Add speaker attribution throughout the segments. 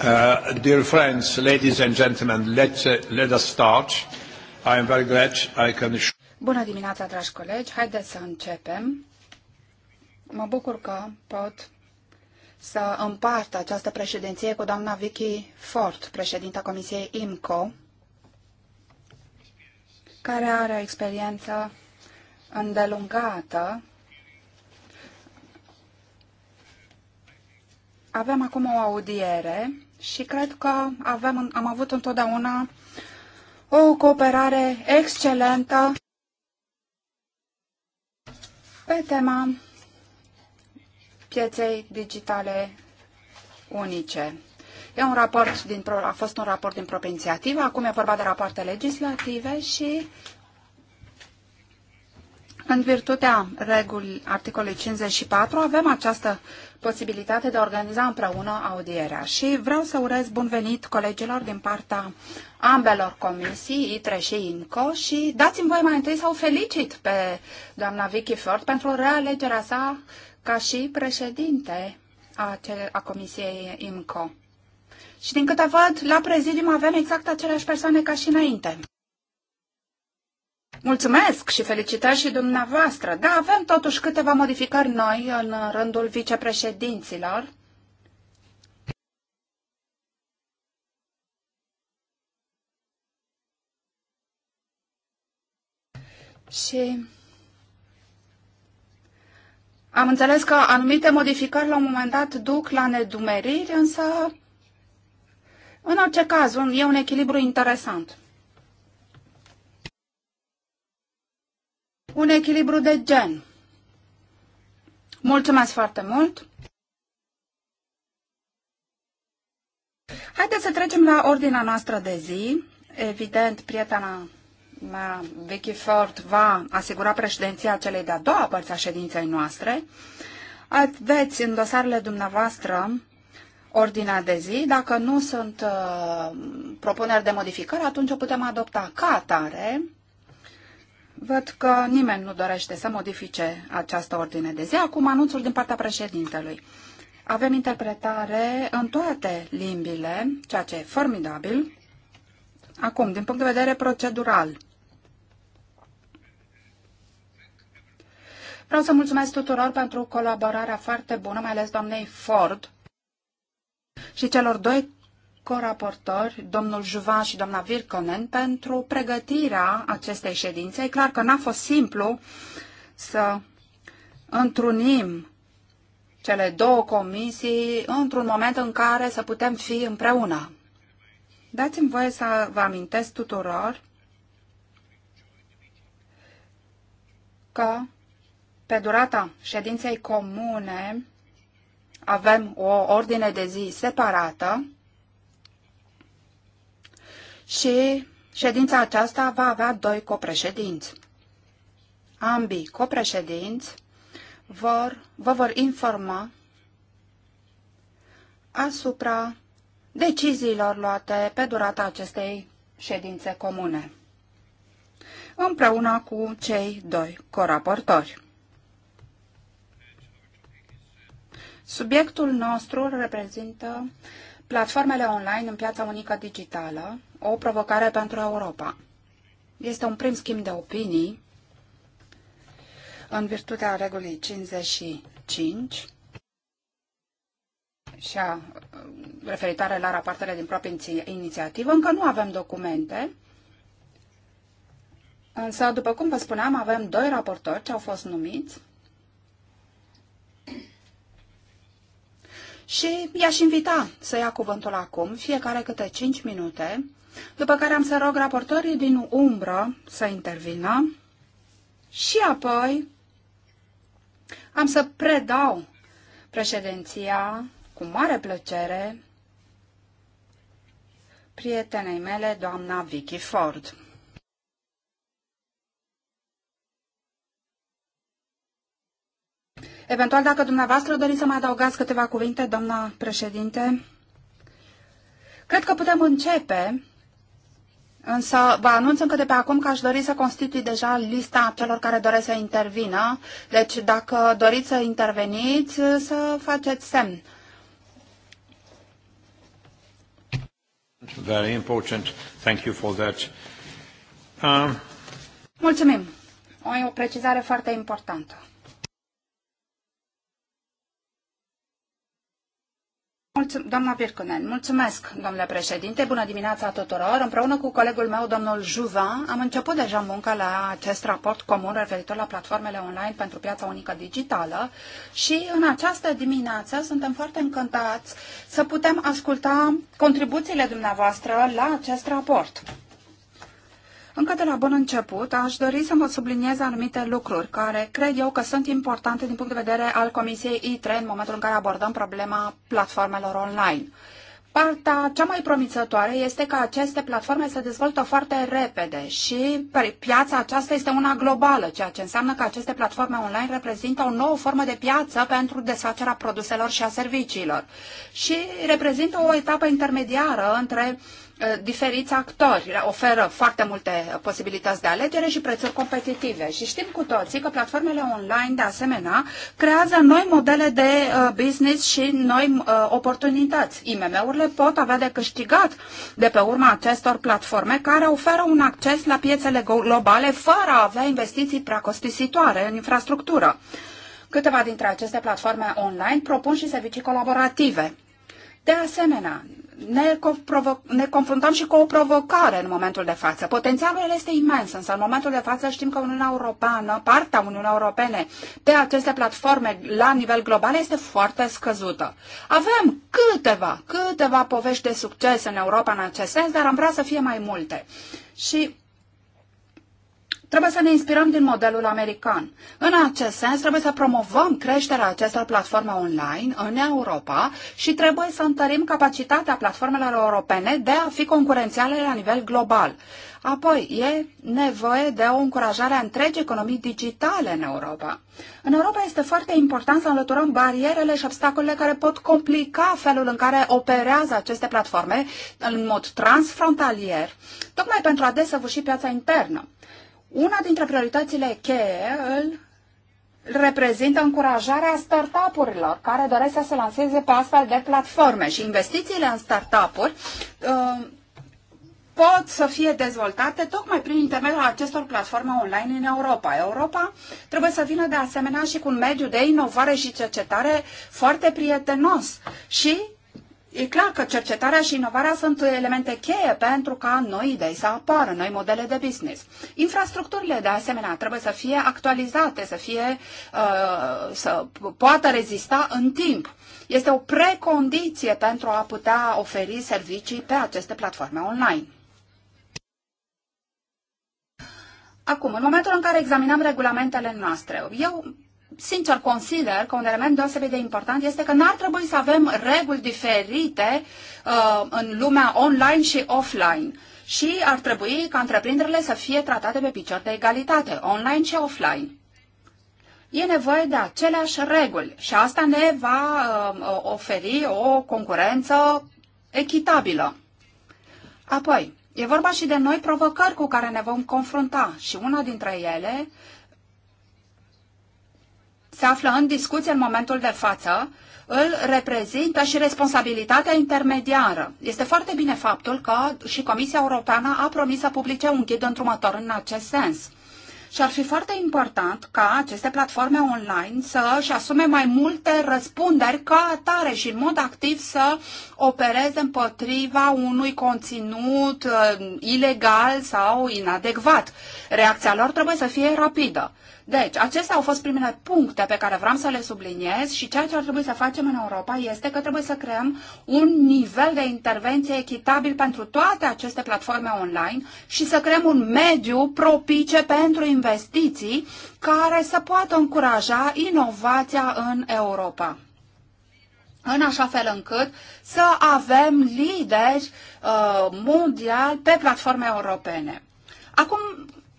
Speaker 1: Uh, dear friends, ladies and gentlemen, let's, uh, let us start. I am very glad I can...
Speaker 2: Bună dimineața, dragi colegi! Haideți să începem. Mă bucur că pot să împart această președinție cu doamna Vicky Ford, președinta Comisiei IMCO, care are experiență îndelungată Avem acum o audiere și cred că avem, am avut întotdeauna o cooperare excelentă pe tema pieței digitale unice. E un raport din, a fost un raport din proprie inițiativă, acum e vorba de rapoarte legislative și în virtutea regulii articolului 54 avem această posibilitate de a organiza împreună audierea. Și vreau să urez bun venit colegilor din partea ambelor comisii, ITRE și INCO, și dați-mi voi mai întâi să o felicit pe doamna Vicky Ford pentru realegerea sa ca și președinte a, a comisiei INCO. Și din câte văd, la prezidium avem exact aceleași persoane ca și înainte. Mulțumesc și felicitări și dumneavoastră. Da, avem totuși câteva modificări noi în rândul vicepreședinților. Și am înțeles că anumite modificări la un moment dat duc la nedumeriri, însă în orice caz un e un echilibru interesant. un echilibru de gen. Mulțumesc foarte mult! Haideți să trecem la ordinea noastră de zi. Evident, prietena mea, Vicky Ford, va asigura președinția celei de-a doua părți a ședinței noastre. Aveți în dosarele dumneavoastră ordinea de zi. Dacă nu sunt uh, propuneri de modificări, atunci o putem adopta ca atare. Văd că nimeni nu dorește să modifice această ordine de zi. Acum anunțul din partea președintelui. Avem interpretare în toate limbile, ceea ce e formidabil. Acum, din punct de vedere procedural, vreau să mulțumesc tuturor pentru colaborarea foarte bună, mai ales doamnei Ford și celor doi coraportori, domnul Juva și doamna Virkonen, pentru pregătirea acestei ședințe. E clar că n-a fost simplu să întrunim cele două comisii într-un moment în care să putem fi împreună. Dați-mi voie să vă amintesc tuturor că pe durata ședinței comune avem o ordine de zi separată și ședința aceasta va avea doi copreședinți. Ambii copreședinți vor, vă vor informa asupra deciziilor luate pe durata acestei ședințe comune, împreună cu cei doi coraportori. Subiectul nostru reprezintă platformele online în piața unică digitală, o provocare pentru Europa. Este un prim schimb de opinii în virtutea regulii 55 și a referitoare la rapoartele din proprie inițiativă, încă nu avem documente, însă, după cum vă spuneam, avem doi raportori ce au fost numiți și i-aș invita să ia cuvântul acum, fiecare câte 5 minute, după care am să rog raportorii din umbră să intervină și apoi am să predau președinția cu mare plăcere prietenei mele, doamna Vicky Ford. Eventual, dacă dumneavoastră doriți să mai adăugați câteva cuvinte, doamna președinte, cred că putem începe, însă vă anunț încă de pe acum că aș dori să constitui deja lista celor care doresc să intervină. Deci, dacă doriți să interveniți, să faceți semn.
Speaker 1: Very important. Thank you for that. Um...
Speaker 2: Mulțumim. O, o precizare foarte importantă. Mulțum- Doamna Pirconen, mulțumesc, domnule președinte. Bună dimineața tuturor. Împreună cu colegul meu, domnul Juvin, am început deja munca la acest raport comun referitor la platformele online pentru piața unică digitală și în această dimineață suntem foarte încântați să putem asculta contribuțiile dumneavoastră la acest raport. Încă de la bun început, aș dori să mă subliniez anumite lucruri care cred eu că sunt importante din punct de vedere al Comisiei I3 în momentul în care abordăm problema platformelor online. Partea cea mai promițătoare este că aceste platforme se dezvoltă foarte repede și piața aceasta este una globală, ceea ce înseamnă că aceste platforme online reprezintă o nouă formă de piață pentru desfacerea produselor și a serviciilor și reprezintă o etapă intermediară între uh, Uh, diferiți actori oferă foarte multe uh, posibilități de alegere și prețuri competitive. Și știm cu toții că platformele online, de asemenea, creează noi modele de uh, business și noi oportunități. IMM-urile pot avea de câștigat de pe urma acestor platforme care oferă un acces la piețele globale fără a avea investiții prea costisitoare în infrastructură. Câteva dintre aceste platforme online propun și servicii colaborative. De asemenea, ne, ne confruntăm și cu o provocare în momentul de față. Potențialul este imens, însă în momentul de față știm că Uniunea Europeană, partea Uniunii Europene pe aceste platforme la nivel global este foarte scăzută. Avem câteva, câteva povești de succes în Europa în acest sens, dar am vrea să fie mai multe. Și Trebuie să ne inspirăm din modelul american. În acest sens, trebuie să promovăm creșterea acestor platforme online în Europa și trebuie să întărim capacitatea platformelor europene de a fi concurențiale la nivel global. Apoi, e nevoie de o încurajare a întregii economii digitale în Europa. În Europa este foarte important să înlăturăm barierele și obstacolele care pot complica felul în care operează aceste platforme în mod transfrontalier, tocmai pentru a desăvârși piața internă. Una dintre prioritățile cheie îl reprezintă încurajarea startup-urilor care doresc să se lanseze pe astfel de platforme și investițiile în startup-uri uh, pot să fie dezvoltate tocmai prin intermediul acestor platforme online în Europa. Europa trebuie să vină de asemenea și cu un mediu de inovare și cercetare foarte prietenos și E clar că cercetarea și inovarea sunt elemente cheie pentru ca noi idei să apară, noi modele de business. Infrastructurile, de asemenea, trebuie să fie actualizate, să, fie, uh, să poată rezista în timp. Este o precondiție pentru a putea oferi servicii pe aceste platforme online. Acum, în momentul în care examinăm regulamentele noastre, eu sincer consider că un element deosebit de important este că n-ar trebui să avem reguli diferite uh, în lumea online și offline și ar trebui ca întreprinderile să fie tratate pe picior de egalitate, online și offline. E nevoie de aceleași reguli și asta ne va uh, oferi o concurență echitabilă. Apoi, e vorba și de noi provocări cu care ne vom confrunta și una dintre ele se află în discuție în momentul de față îl reprezintă și responsabilitatea intermediară. Este foarte bine faptul că și Comisia Europeană a promis să publice un ghid întrumător în acest sens și ar fi foarte important ca aceste platforme online să-și asume mai multe răspunderi ca atare și în mod activ să opereze împotriva unui conținut uh, ilegal sau inadecvat. Reacția lor trebuie să fie rapidă. Deci, acestea au fost primele puncte pe care vreau să le subliniez și ceea ce ar trebui să facem în Europa este că trebuie să creăm un nivel de intervenție echitabil pentru toate aceste platforme online și să creăm un mediu propice pentru investiții investiții care să poată încuraja inovația în Europa în așa fel încât să avem lideri uh, mondiali pe platforme europene. Acum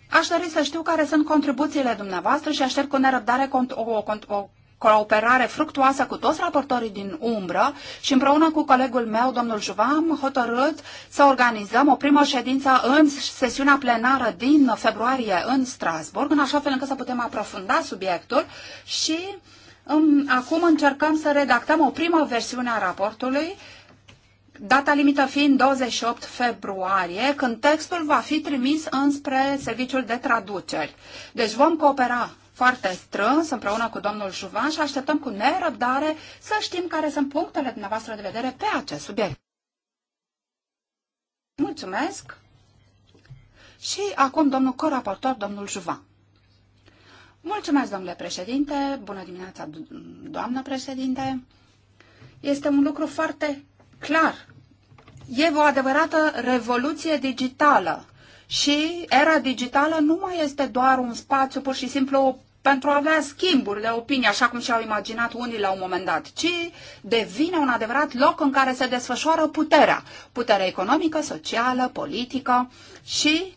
Speaker 2: aș dori să știu care sunt contribuțiile dumneavoastră și aștept cu nerăbdare o, o, o cooperare fructuoasă cu toți raportorii din umbră și împreună cu colegul meu, domnul Juva, am hotărât să organizăm o primă ședință în sesiunea plenară din februarie în Strasburg, în așa fel încât să putem aprofunda subiectul și um, acum încercăm să redactăm o primă versiune a raportului data limită fiind 28 februarie, când textul va fi trimis înspre serviciul de traduceri. Deci vom coopera foarte strâns împreună cu domnul Juvan și așteptăm cu nerăbdare să știm care sunt punctele dumneavoastră de vedere pe acest subiect. Mulțumesc! Și acum domnul coraportor, domnul Juvan. Mulțumesc, domnule președinte, bună dimineața, doamnă președinte. Este un lucru foarte clar. E o adevărată revoluție digitală. Și era digitală nu mai este doar un spațiu pur și simplu pentru a avea schimburi de opinie, așa cum și-au imaginat unii la un moment dat, ci devine un adevărat loc în care se desfășoară puterea, puterea economică, socială, politică și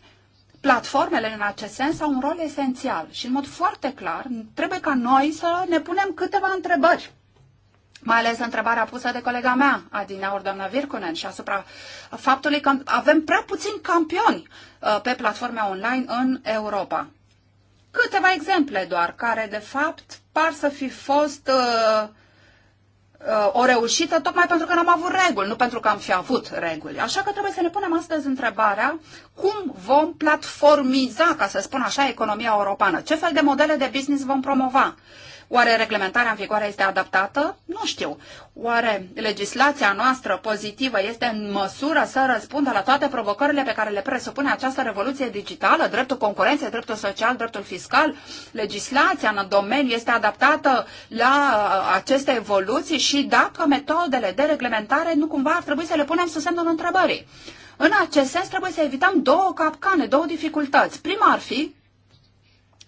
Speaker 2: platformele în acest sens au un rol esențial și în mod foarte clar trebuie ca noi să ne punem câteva întrebări mai ales întrebarea pusă de colega mea, Adina doamna Virkunen, și asupra faptului că avem prea puțini campioni uh, pe platforme online în Europa câteva exemple doar, care de fapt par să fi fost uh, uh, o reușită tocmai pentru că n-am avut reguli, nu pentru că am fi avut reguli. Așa că trebuie să ne punem astăzi întrebarea cum vom platformiza, ca să spun așa, economia europeană. Ce fel de modele de business vom promova? Oare reglementarea în vigoare este adaptată? Nu știu. Oare legislația noastră pozitivă este în măsură să răspundă la toate provocările pe care le presupune această revoluție digitală, dreptul concurenței, dreptul social, dreptul fiscal? Legislația în domeniu este adaptată la uh, aceste evoluții și dacă metodele de reglementare nu cumva ar trebui să le punem sub semnul întrebării. În acest sens trebuie să evităm două capcane, două dificultăți. Prima ar fi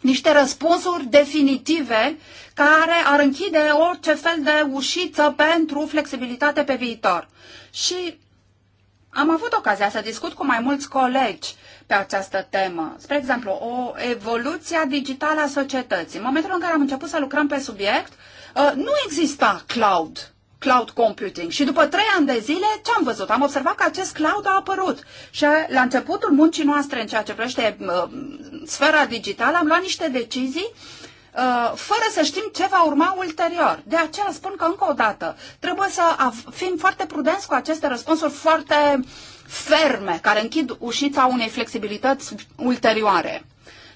Speaker 2: niște răspunsuri definitive care ar închide orice fel de ușiță pentru flexibilitate pe viitor. Și am avut ocazia să discut cu mai mulți colegi pe această temă. Spre exemplu, o evoluție digitală a societății. În momentul în care am început să lucrăm pe subiect, uh, nu exista cloud cloud computing. Și după trei ani de zile, ce am văzut? Am observat că acest cloud a apărut. Și la începutul muncii noastre în ceea ce privește uh, sfera digitală, am luat niște decizii uh, fără să știm ce va urma ulterior. De aceea spun că, încă o dată, trebuie să fim foarte prudenți cu aceste răspunsuri foarte ferme, care închid ușița unei flexibilități ulterioare.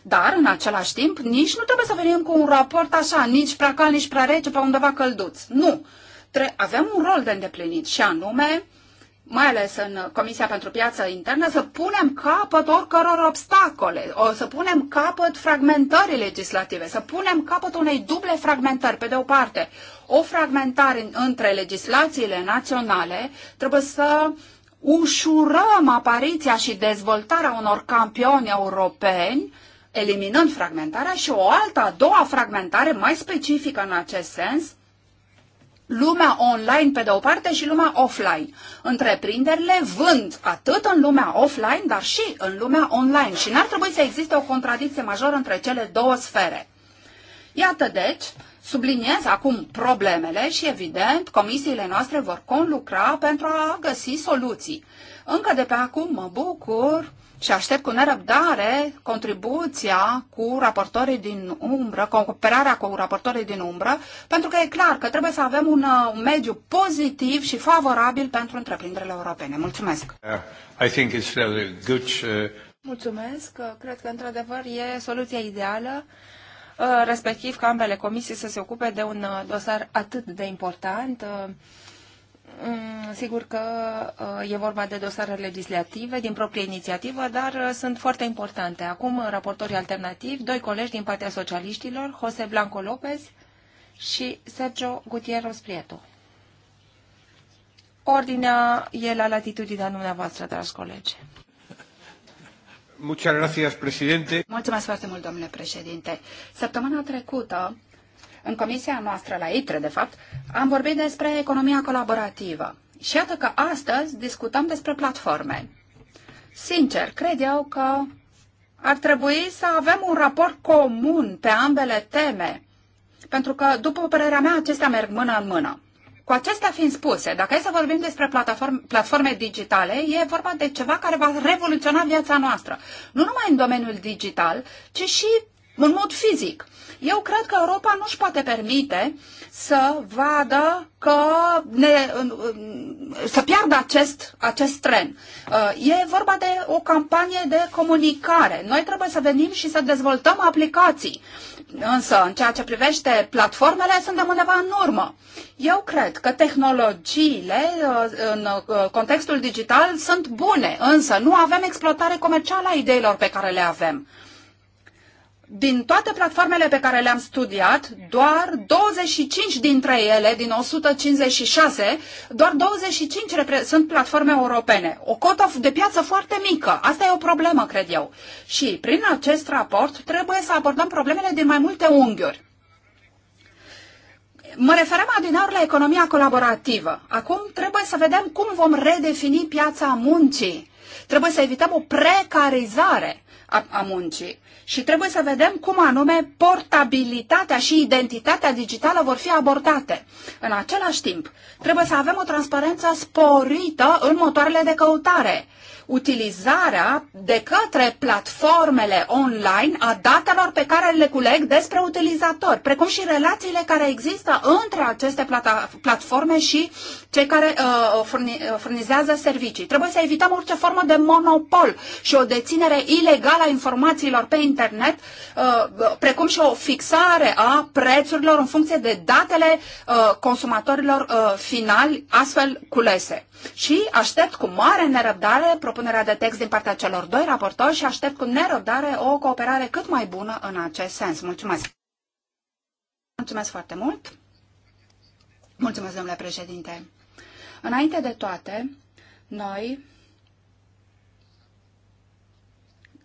Speaker 2: Dar, în același timp, nici nu trebuie să venim cu un raport așa, nici prea cald, nici prea rece, pe undeva călduț. Nu! avem un rol de îndeplinit și anume, mai ales în Comisia pentru Piața Internă, să punem capăt oricăror obstacole, o, să punem capăt fragmentării legislative, să punem capăt unei duble fragmentări. Pe de o parte, o fragmentare între legislațiile naționale trebuie să ușurăm apariția și dezvoltarea unor campioni europeni, eliminând fragmentarea și o altă, a doua fragmentare mai specifică în acest sens, lumea online pe de o parte și lumea offline. Întreprinderile vând atât în lumea offline, dar și în lumea online și n-ar trebui să existe o contradicție majoră între cele două sfere. Iată deci, subliniez acum problemele și evident comisiile noastre vor conlucra pentru a găsi soluții. Încă de pe acum mă bucur și aștept cu nerăbdare contribuția cu raportorii din umbră, cooperarea cu raportorii din umbră, pentru că e clar că trebuie să avem un, uh, un mediu pozitiv și favorabil pentru întreprinderile europene. Mulțumesc!
Speaker 3: Uh, I think it's good, uh... Mulțumesc! Uh, cred că, într-adevăr, e soluția ideală respectiv ca ambele comisii să se ocupe de un dosar atât de important. Mm, sigur că uh, e vorba de dosare legislative din proprie inițiativă, dar uh, sunt foarte importante. Acum, uh, raportorii alternativi, doi colegi din partea socialiștilor, Jose Blanco López și Sergio Gutierrez Prieto. Ordinea e la latitudinea dumneavoastră, dragi colegi.
Speaker 2: Muchas gracias, președinte. Mulțumesc foarte mult, domnule președinte. Săptămâna trecută în comisia noastră la ITRE, de fapt, am vorbit despre economia colaborativă. Și iată că astăzi discutăm despre platforme. Sincer, cred eu că ar trebui să avem un raport comun pe ambele teme, pentru că, după părerea mea, acestea merg mână în mână. Cu acestea fiind spuse, dacă e să vorbim despre platforme digitale, e vorba de ceva care va revoluționa viața noastră. Nu numai în domeniul digital, ci și în mod fizic. Eu cred că Europa nu își poate permite să vadă că ne, să piardă acest, acest tren. Uh, e vorba de o campanie de comunicare. Noi trebuie să venim și să dezvoltăm aplicații. Însă, în ceea ce privește platformele, suntem undeva în urmă. Eu cred că tehnologiile uh, în uh, contextul digital sunt bune, însă nu avem exploatare comercială a ideilor pe care le avem din toate platformele pe care le-am studiat, doar 25 dintre ele, din 156, doar 25 sunt platforme europene. O cotă de piață foarte mică. Asta e o problemă, cred eu. Și prin acest raport trebuie să abordăm problemele din mai multe unghiuri. Mă referam adinaur la economia colaborativă. Acum trebuie să vedem cum vom redefini piața muncii. Trebuie să evităm o precarizare a, a muncii și trebuie să vedem cum anume portabilitatea și identitatea digitală vor fi abordate. În același timp, trebuie să avem o transparență sporită în motoarele de căutare utilizarea de către platformele online a datelor pe care le culeg despre utilizatori, precum și relațiile care există între aceste platforme și cei care uh, uh, furnizează servicii. Trebuie să evităm orice formă de monopol și o deținere ilegală a informațiilor pe internet, uh, precum și o fixare a prețurilor în funcție de datele uh, consumatorilor uh, finali astfel culese. Și aștept cu mare nerăbdare propunerea de text din partea celor doi raportori și aștept cu nerăbdare o cooperare cât mai bună în acest sens. Mulțumesc! Mulțumesc foarte mult! Mulțumesc, domnule președinte! Înainte de toate, noi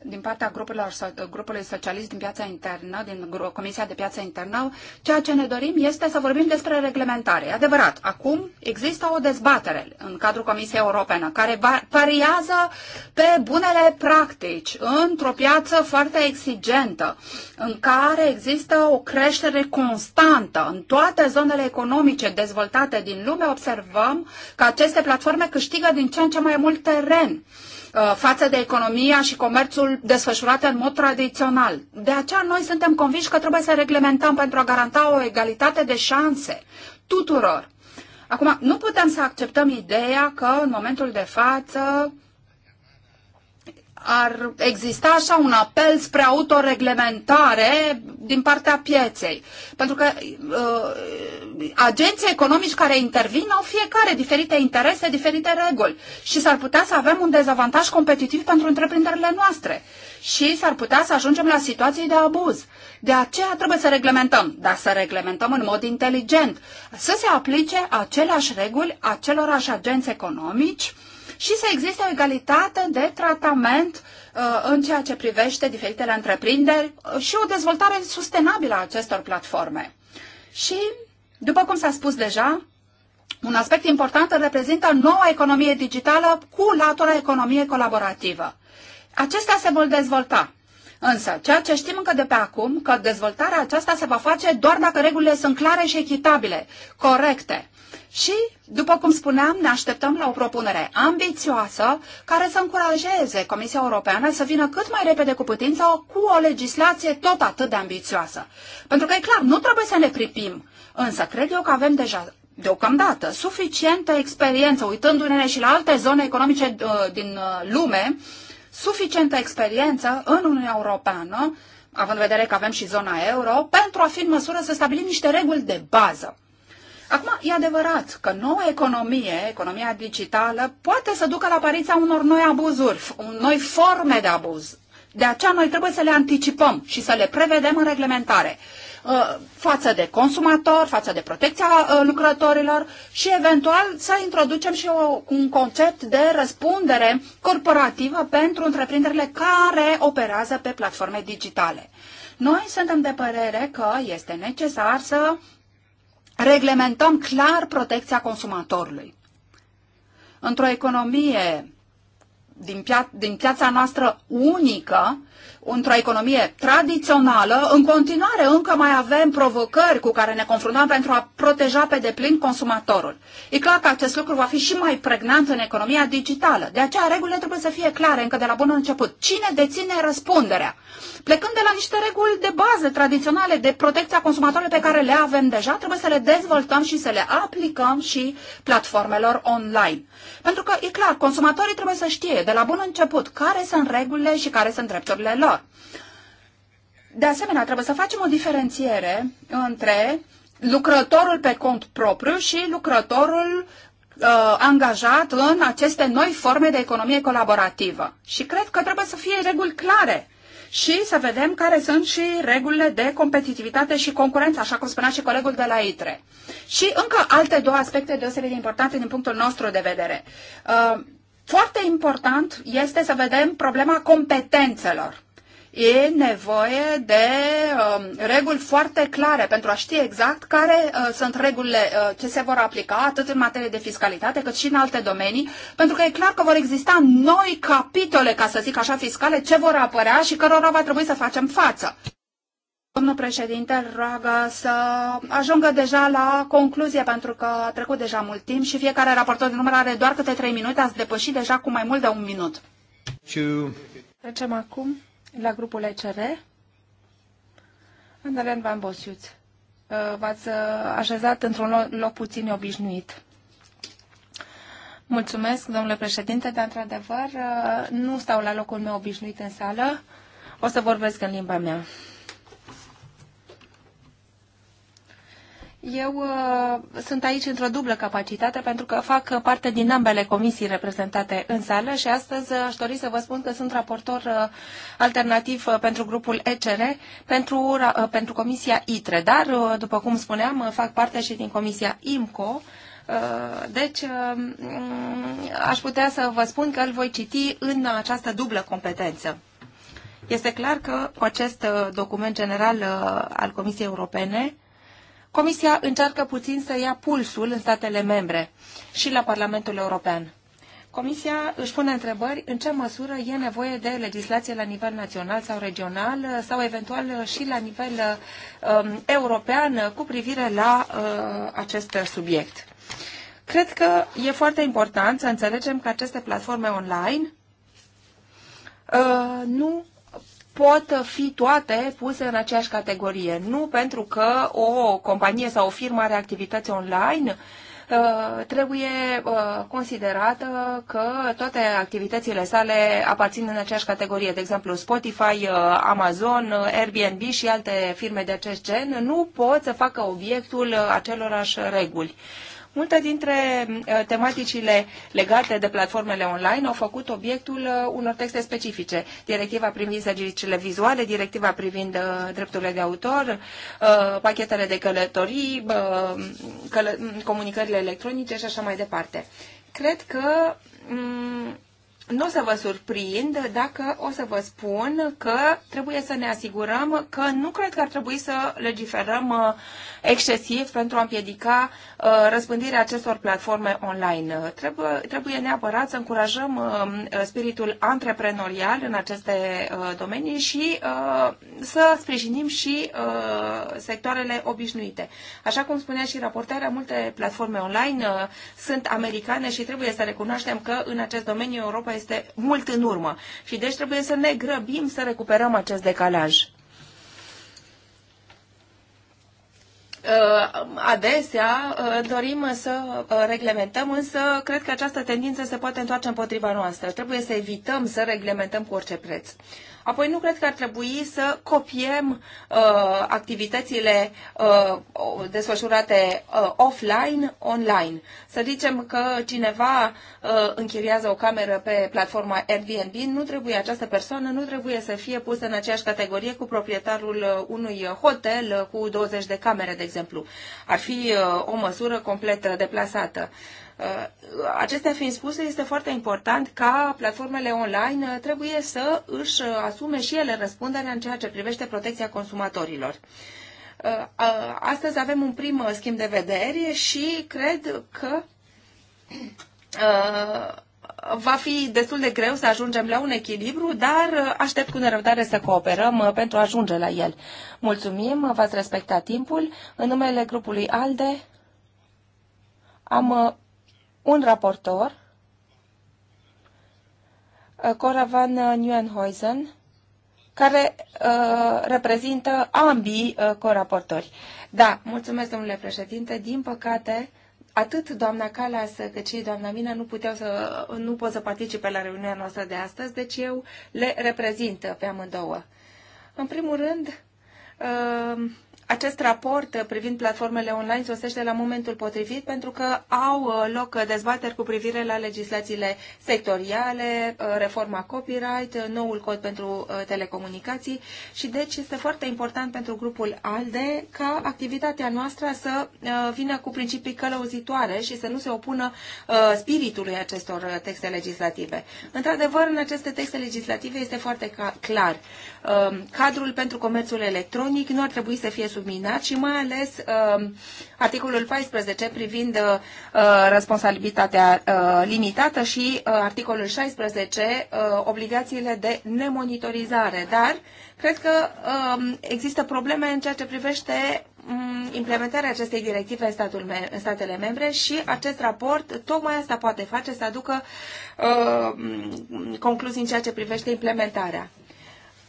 Speaker 2: din partea grupurilor, grupului socialist din piața internă, din Comisia de Piață Internă, ceea ce ne dorim este să vorbim despre reglementare. E adevărat, acum există o dezbatere în cadrul Comisiei Europene care variază pe bunele practici într-o piață foarte exigentă, în care există o creștere constantă în toate zonele economice dezvoltate din lume, observăm că aceste platforme câștigă din ce în ce mai mult teren Uh, față de economia și comerțul desfășurate în mod tradițional. De aceea noi suntem convinși că trebuie să reglementăm pentru a garanta o egalitate de șanse tuturor. Acum, nu putem să acceptăm ideea că în momentul de față ar exista așa un apel spre autoreglementare din partea pieței. Pentru că uh, agenții economici care intervin au fiecare diferite interese, diferite reguli și s-ar putea să avem un dezavantaj competitiv pentru întreprinderile noastre și s-ar putea să ajungem la situații de abuz. De aceea trebuie să reglementăm, dar să reglementăm în mod inteligent, să se aplice aceleași reguli acelorași agenți economici uh, și să existe o egalitate de tratament uh, în ceea ce privește diferitele întreprinderi uh, și o dezvoltare sustenabilă a acestor platforme. Și, după cum s-a spus deja, un aspect important reprezintă noua economie digitală cu latura economie colaborativă. Acestea se vor dezvolta Însă, ceea ce știm încă de pe acum, că dezvoltarea aceasta se va face doar dacă regulile sunt clare și echitabile, corecte. Și, după cum spuneam, ne așteptăm la o propunere ambițioasă care să încurajeze Comisia Europeană să vină cât mai repede cu putință cu o legislație tot atât de ambițioasă. Pentru că, e clar, nu trebuie să ne pripim, însă cred eu că avem deja deocamdată suficientă experiență, uitându-ne și la alte zone economice uh, din uh, lume, uh, suficientă experiență în Uniunea Europeană, având în vedere că avem și zona euro, pentru a fi în măsură să stabilim niște reguli de bază. Acum, e adevărat că noua economie, economia digitală, poate să ducă la apariția unor noi abuzuri, noi forme de abuz. De aceea noi trebuie să le anticipăm și să le prevedem în reglementare. Uh, față de consumator, față de protecția uh, lucrătorilor și eventual să introducem și un concept de răspundere corporativă pentru întreprinderile care operează pe platforme digitale. Noi suntem de părere că este necesar să reglementăm clar protecția consumatorului. Într-o economie din, pia- din piața noastră unică, într-o economie tradițională, în continuare încă mai avem provocări cu care ne confruntăm pentru a proteja pe deplin consumatorul. E clar că acest lucru va fi și mai pregnant în economia digitală. De aceea regulile trebuie să fie clare încă de la bun început. Cine deține răspunderea? Plecând de la niște reguli de bază tradiționale de protecția consumatorului pe care le avem deja, trebuie să le dezvoltăm și să le aplicăm și platformelor online. Pentru că, e clar, consumatorii trebuie să știe de la bun început care sunt regulile și care sunt drepturile lor lor. De asemenea, trebuie să facem o diferențiere între lucrătorul pe cont propriu și lucrătorul uh, angajat în aceste noi forme de economie colaborativă. Și cred că trebuie să fie reguli clare și să vedem care sunt și regulile de competitivitate și concurență, așa cum spunea și colegul de la ITRE. Și încă alte două aspecte deosebit de importante din punctul nostru de vedere. Uh, foarte important este să vedem problema competențelor e nevoie de um, reguli foarte clare pentru a ști exact care uh, sunt regulile uh, ce se vor aplica atât în materie de fiscalitate cât și în alte domenii, pentru că e clar că vor exista noi capitole, ca să zic așa, fiscale, ce vor apărea și cărora va trebui să facem față. Domnul președinte roagă să ajungă deja la concluzie, pentru că a trecut deja mult timp și fiecare raportor de număr are doar câte trei minute, ați depășit deja cu mai mult de un minut. Trecem acum la grupul
Speaker 3: ECR. Andalen Van Bosiuț, uh, v-ați uh, așezat într-un loc puțin obișnuit. Mulțumesc, domnule președinte, dar într-adevăr uh, nu stau la locul meu obișnuit în sală. O să vorbesc în limba mea. Eu uh, sunt aici într-o dublă capacitate pentru că fac parte din ambele comisii reprezentate în sală și astăzi uh, aș dori să vă spun că sunt raportor uh, alternativ uh, pentru grupul ECR pentru, uh, pentru comisia ITRE, dar, uh, după cum spuneam, uh, fac parte și din comisia IMCO, uh, deci, uh, mm, aș putea să vă spun că îl voi citi în această dublă competență. Este clar că cu acest document general al Comisiei Europene Comisia încearcă puțin să ia pulsul în statele membre și la Parlamentul European. Comisia își pune întrebări în ce măsură e nevoie de legislație la nivel național sau regional sau eventual și la nivel um, european cu privire la uh, acest subiect. Cred că e foarte important să înțelegem că aceste platforme online uh, nu pot fi toate puse în aceeași categorie. Nu pentru că o companie sau o firmă are activități online, uh, trebuie uh, considerată că toate activitățile sale aparțin în aceeași categorie. De exemplu, Spotify, uh, Amazon, Airbnb și alte firme de acest gen nu pot să facă obiectul acelorași reguli. Multe dintre uh, tematicile legate de platformele online au făcut obiectul uh, unor texte specifice. Directiva privind serviciile vizuale, directiva privind uh, drepturile de autor, pachetele de călătorii, comunicările electronice și așa mai departe. Cred că mm, nu o să vă surprind dacă o să vă spun că trebuie să ne asigurăm că nu cred că ar trebui să legiferăm uh, excesiv pentru a împiedica uh, răspândirea acestor platforme online. Trebuie, trebuie neapărat să încurajăm uh, spiritul antreprenorial în aceste domenii și să sprijinim și sectoarele obișnuite. Așa cum spunea și raportarea, multe platforme online sunt americane și trebuie să recunoaștem că în acest domeniu Europa este mult în urmă și deci trebuie să ne grăbim să recuperăm acest decalaj. Uh, adesea uh, dorim să uh, reglementăm, însă cred că această tendință se poate întoarce împotriva noastră. Trebuie să evităm să reglementăm cu orice preț. Apoi nu cred că ar trebui să copiem uh, activitățile uh, desfășurate uh, offline, online. Să zicem că cineva uh, închiriază o cameră pe platforma Airbnb, nu trebuie această persoană, nu trebuie să fie pusă în aceeași categorie cu proprietarul uh, unui hotel uh, cu 20 de camere, de exemplu. Ar fi uh, o măsură complet uh, deplasată. Uh, Uh, acestea fiind spuse, este foarte important ca platformele online uh, trebuie să își uh, asume și ele răspunderea în ceea ce privește protecția consumatorilor. Astăzi avem un prim schimb de vedere și cred că va fi destul de greu să ajungem la un echilibru, dar aștept cu nerăbdare să cooperăm pentru a ajunge la el. Mulțumim, v-ați respectat timpul. În numele grupului ALDE am un raportor, uh, Cora van uh, Nieuwenhuizen, care uh, reprezintă ambii uh, coraportori. Da, mulțumesc, domnule președinte. Din păcate, atât doamna Calas cât și doamna Mina nu, puteau să, nu pot să participe la reuniunea noastră de astăzi, deci eu le reprezint pe amândouă. În primul rând, uh, acest raport privind platformele online sosește la momentul potrivit pentru că au uh, loc uh, dezbateri cu privire la legislațiile sectoriale, uh, reforma copyright, noul cod pentru telecomunicații și deci este foarte important pentru grupul ALDE ca activitatea noastră să vină cu principii călăuzitoare și să nu se opună spiritului acestor texte legislative. Într-adevăr, în aceste texte legislative este foarte clar. Um, cadrul pentru comerțul electronic nu ar trebui să fie subminat și mai ales um, articolul 14 privind uh, responsabilitatea uh, limitată și uh, articolul 16 obligațiile de nemonitorizare. Dar cred că um, există probleme în ceea ce privește mm, implementarea acestei directive în, statul me- în statele membre și acest raport tocmai asta poate face să aducă uh, concluzii în ceea ce privește implementarea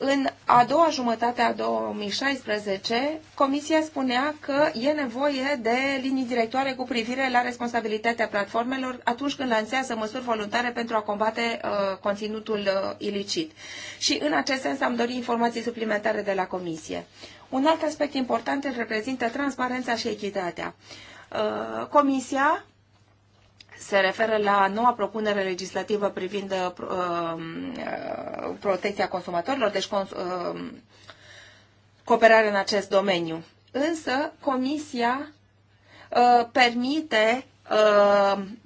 Speaker 3: în a doua jumătate a 2016, Comisia spunea că e nevoie de linii directoare cu privire la responsabilitatea platformelor atunci când lansează măsuri voluntare pentru a combate uh, conținutul uh, ilicit. Și în acest sens am dorit informații suplimentare de la Comisie. Un alt aspect important îl reprezintă transparența și echitatea. Uh, comisia se referă la noua propunere legislativă privind uh, um, uh, protecția consumatorilor, deci um, cooperarea în acest domeniu. Însă, Comisia uh, permite um,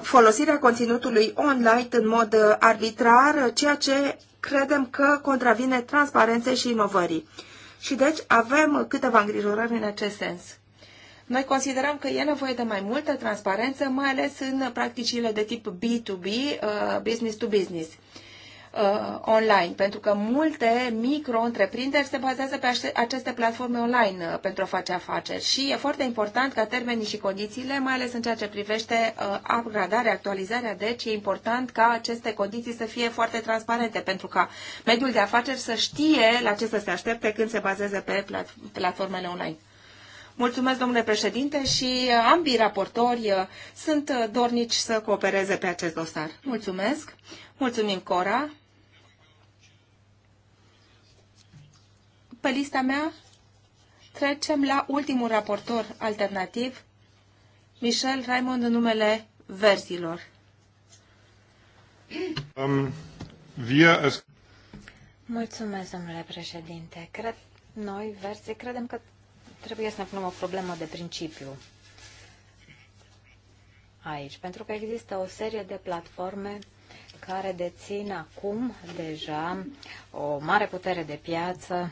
Speaker 3: folosirea conținutului online în mod arbitrar, ceea ce credem că contravine transparenței și inovării. Și deci avem câteva îngrijorări în acest sens. Noi considerăm că e nevoie de mai multă transparență, mai ales în practicile de tip B2B, uh, business to business uh, online, pentru că multe micro-întreprinderi se bazează pe aceste platforme online uh, pentru a face afaceri și e foarte important ca termenii și condițiile, mai ales în ceea ce privește upgradarea, actualizarea, deci e important ca aceste condiții să fie foarte transparente pentru ca mediul de afaceri să știe la ce să se aștepte când se bazeze pe platformele online. Mulțumesc, domnule președinte, și uh, ambii raportori uh, sunt uh, dornici să coopereze pe acest dosar. Mulțumesc. Mulțumim, Cora. Pe lista mea trecem la ultimul raportor alternativ, Michel
Speaker 1: Raymond în numele verzilor. Um, via... Mulțumesc, domnule președinte. Cred, noi, verzi, credem că Trebuie să ne punem o problemă de principiu aici, pentru că există o serie de platforme care dețin acum deja o mare putere de piață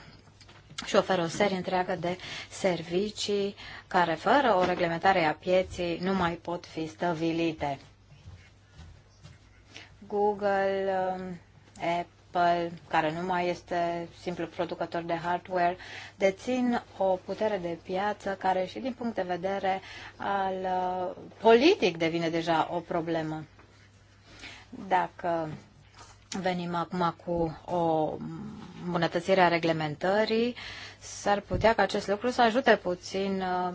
Speaker 1: și oferă o serie întreagă de servicii care, fără o reglementare a pieții, nu mai pot fi stăvilite. Google, um, Apple, care nu mai este simplu producător de hardware, dețin o putere de piață care și din punct de vedere al uh, politic devine deja o problemă. Dacă venim acum cu o îmbunătățire a reglementării, s-ar putea ca acest lucru să ajute puțin uh,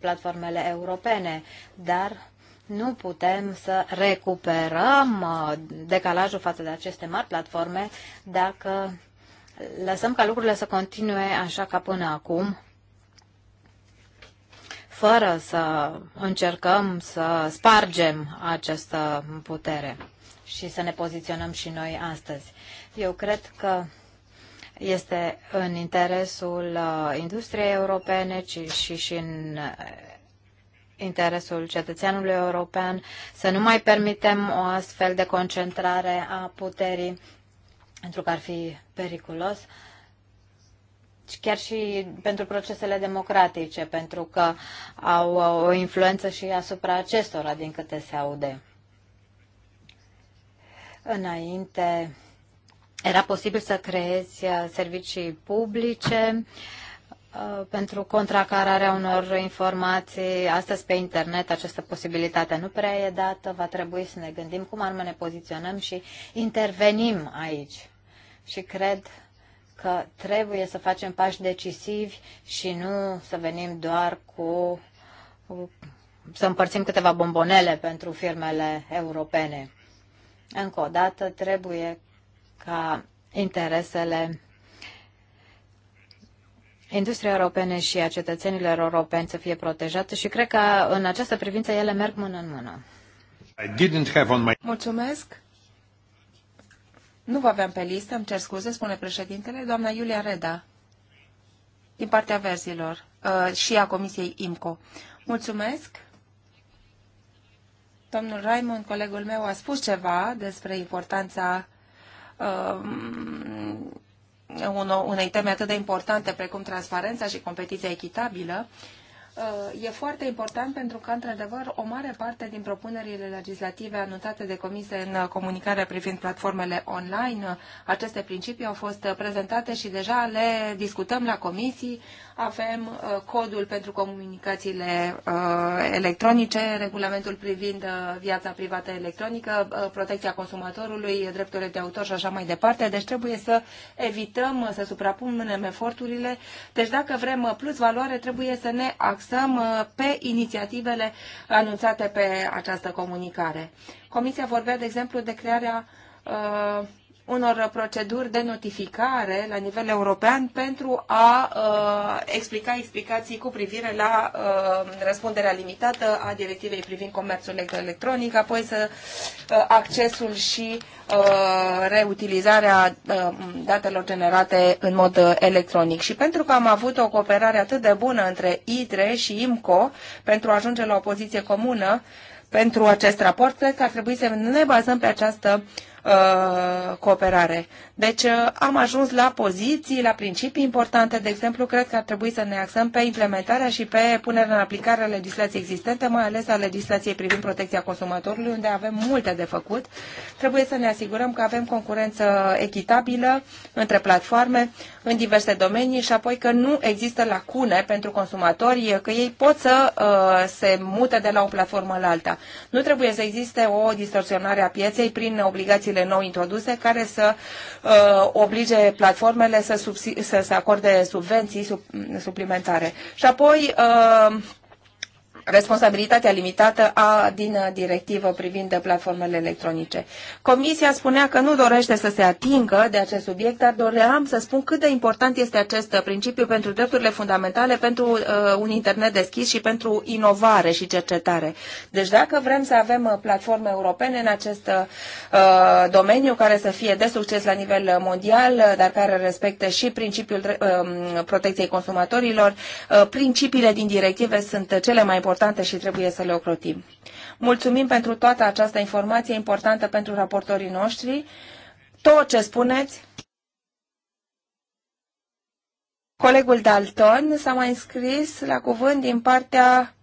Speaker 1: platformele europene, dar nu putem să recuperăm uh, decalajul față de aceste mari platforme dacă lăsăm ca lucrurile să continue așa ca până acum, fără să încercăm să spargem această putere și să ne poziționăm și noi astăzi. Eu cred că este în interesul uh, industriei europene, ci și, și în interesul cetățeanului european, să nu mai permitem o astfel de concentrare a puterii, pentru că ar fi periculos, chiar și pentru procesele democratice, pentru că au o influență și asupra acestora, din câte se aude. Înainte era posibil să creezi uh, servicii publice, uh, Uh, pentru contracararea unor informații astăzi pe internet, această posibilitate nu prea e dată, va trebui să ne gândim cum anume ne poziționăm și intervenim aici. Și cred că trebuie să facem pași decisivi și nu să venim doar cu, să împărțim câteva bombonele pentru firmele europene. Încă o dată, trebuie ca interesele industria europene și a cetățenilor europeni să fie protejată și cred că în această privință ele merg mână în mână. My... Mulțumesc.
Speaker 3: Nu vă aveam pe listă, îmi cer scuze, spune președintele, doamna Iulia Reda, din partea verzilor uh, și a Comisiei IMCO. Mulțumesc. Domnul Raimond, colegul meu, a spus ceva despre importanța uh, unei teme atât de importante precum transparența și competiția echitabilă, uh, Uh, e foarte important pentru că, într-adevăr, o mare parte din propunerile legislative anotate de comisie în uh, comunicarea privind platformele online, uh, aceste principii au fost prezentate și deja le discutăm la comisii. Avem codul pentru comunicațiile electronice, regulamentul privind viața privată electronică, protecția consumatorului, drepturile de autor și așa mai departe. Deci trebuie să evităm să suprapunem eforturile. Deci dacă vrem plus valoare, trebuie să ne axăm axăm uh, pe inițiativele anunțate pe această comunicare. Comisia vorbea, de exemplu, de crearea uh, unor proceduri de notificare la nivel european pentru a uh, explica explicații cu privire la uh, răspunderea limitată a directivei privind comerțul electronic, apoi să uh, accesul și uh, reutilizarea uh, datelor generate în mod uh, electronic. Și pentru că am avut o cooperare atât de bună între ITRE și IMCO pentru a ajunge la o poziție comună pentru acest raport, cred că ar trebui să ne bazăm pe această uh, Uh, cooperare. Deci uh, am ajuns la poziții, la principii importante. De exemplu, cred că ar trebui să ne axăm pe implementarea și pe punerea în aplicare a legislației existente, mai ales a legislației privind protecția consumatorului, unde avem multe de făcut. Trebuie să ne asigurăm că avem concurență echitabilă între platforme în diverse domenii și apoi că nu există lacune pentru consumatori, că ei pot să uh, se mute de la o platformă la alta. Nu trebuie să existe o distorsionare a pieței prin obligații obligațiile nou introduse care să uh, oblige platformele să, să, acorde subvenții sub, suplimentare. Și apoi uh, responsabilitatea limitată a, din uh, directivă privind platformele electronice. Comisia spunea că nu dorește să se atingă de acest subiect, dar doream să spun cât de important este acest uh, principiu pentru drepturile fundamentale, pentru uh, un internet deschis și pentru inovare și cercetare. Deci dacă vrem să avem uh, platforme europene în acest uh, domeniu care să fie de succes la nivel mondial, dar care respecte și principiul uh, protecției consumatorilor, uh, principiile din directive sunt cele mai importante importante și trebuie să le ocrotim. Mulțumim pentru toată această informație importantă pentru raportorii noștri. Tot ce spuneți, Colegul Dalton s-a mai înscris la cuvânt din partea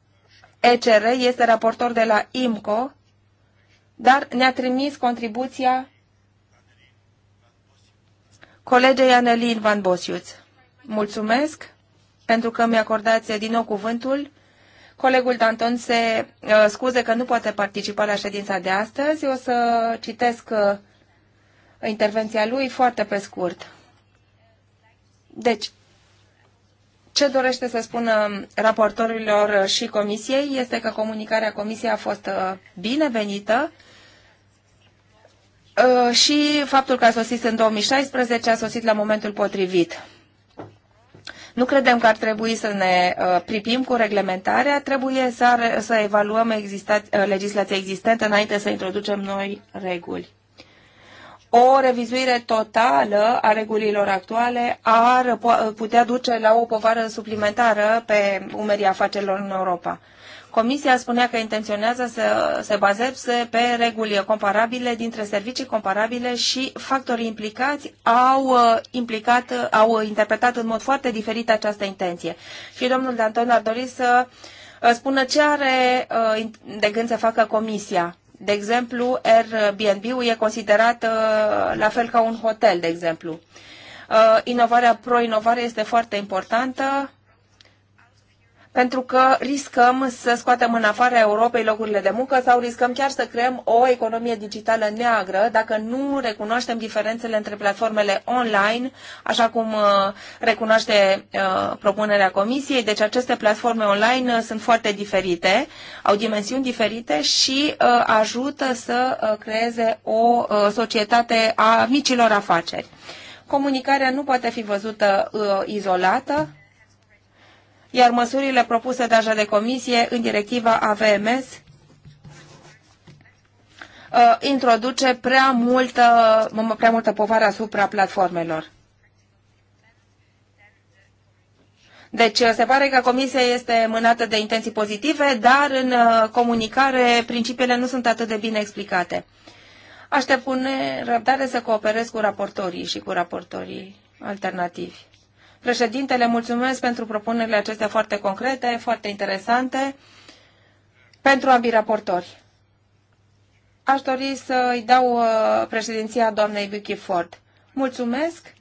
Speaker 3: ECR, este raportor de la IMCO, dar ne-a trimis contribuția colegei Anelin Van Bosiuț. Mulțumesc pentru că mi-acordați din nou cuvântul. Colegul Danton se uh, scuze că nu poate participa la ședința de astăzi. O să citesc uh, intervenția lui foarte pe scurt. Deci, ce dorește să spună raportorilor și comisiei este că comunicarea comisiei a fost uh, binevenită uh, și faptul că a sosit în 2016 a sosit la momentul potrivit. Nu credem că ar trebui să ne uh, pripim cu reglementarea, trebuie să, să evaluăm exista, uh, legislația existentă înainte să introducem noi reguli. O revizuire totală a regulilor actuale ar uh, putea duce la o povară suplimentară pe umerii afacerilor în Europa. Comisia spunea că intenționează să se bazeze pe reguli comparabile dintre servicii comparabile și factorii implicați au, uh, implicat, uh, au interpretat în mod foarte diferit această intenție. Și domnul Danton ar dori să uh, spună ce are de gând să facă Comisia. De exemplu, Airbnb-ul e considerat la fel ca un hotel, de exemplu. Inovarea pro-inovare este foarte importantă pentru că riscăm să scoatem în afara Europei locurile de muncă sau riscăm chiar să creăm o economie digitală neagră dacă nu recunoaștem diferențele între platformele online, așa cum uh, recunoaște uh, propunerea Comisiei. Deci aceste platforme online uh, sunt foarte diferite, au dimensiuni diferite și ajută să creeze o societate a micilor afaceri. Comunicarea nu poate fi văzută izolată, iar măsurile propuse deja de comisie în directiva AVMS uh, introduce prea multă, prea multă povară asupra platformelor. Deci uh, se pare că comisia este mânată de intenții pozitive, dar în uh, comunicare principiile nu sunt atât de bine explicate. Aștept cu nerăbdare să cooperez cu raportorii și cu raportorii alternativi. Președintele, mulțumesc pentru propunerile acestea foarte concrete, foarte interesante pentru ambii raportori. Aș dori să îi dau uh, președinția doamnei Vicky Ford. Mulțumesc.